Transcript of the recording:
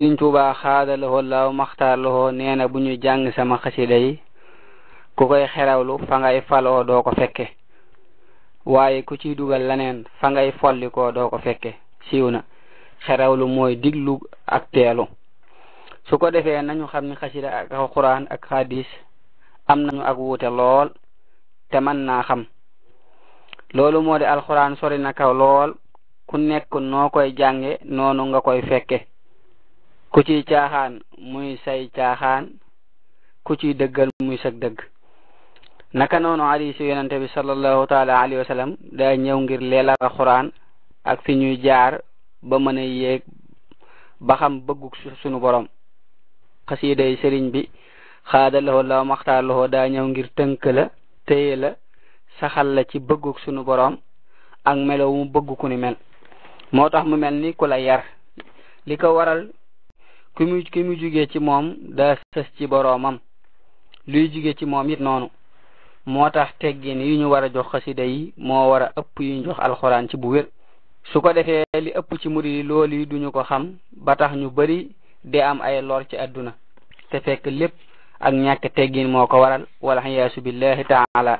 Sëriñ Tuuba xaada loxo laaw maxtaar loxo nee na bu ñu jàng sama xasida yi ku koy xerawlu fa ngay faloo doo ko fekke waaye ku ci dugal leneen fa ngay follikoo doo ko fekke siiw na xerawlu mooy diglu ak teelu su ko defee nañu xam ni xasida ak alxuraan ak xadis am nañu ak wuute lool te mën naa xam loolu moo di alxuraan sori na kaw lool ku nekk noo koy jànge noonu nga koy fekke ku ciy caaxaan muy say caaxaan ku ciy dëggal muy sag dëgg naka noonu hadiis yu yonente bi sallallahu taala alayhi wa daa ñëw ngir leelal alxuraan ak fi ñuy jaar ba mën a yéeg ba xam bëggu sunu borom xasiiday sëriñ bi xaadalowoo law maxtaarlowoo daa ñëw ngir tënk la téye la saxal la ci bëgguk sunu borom ak melow mu bëgg ni mel moo tax mu mel ni ku la yar li ko waral ku mu ku jugee ci moom daa sës ci boroomam luy jugee ci moom it noonu moo tax teggin yu ñu war a jox xasida yi moo war a ëpp yu ñu jox alxuraan ci bu wér su ko defee li ëpp ci murid yi loolu yi duñu ko xam ba tax ñu bari di am ay lor ci àdduna te fekk lépp ak ñàkk teggin moo ko waral wala xiyaasu billahi taala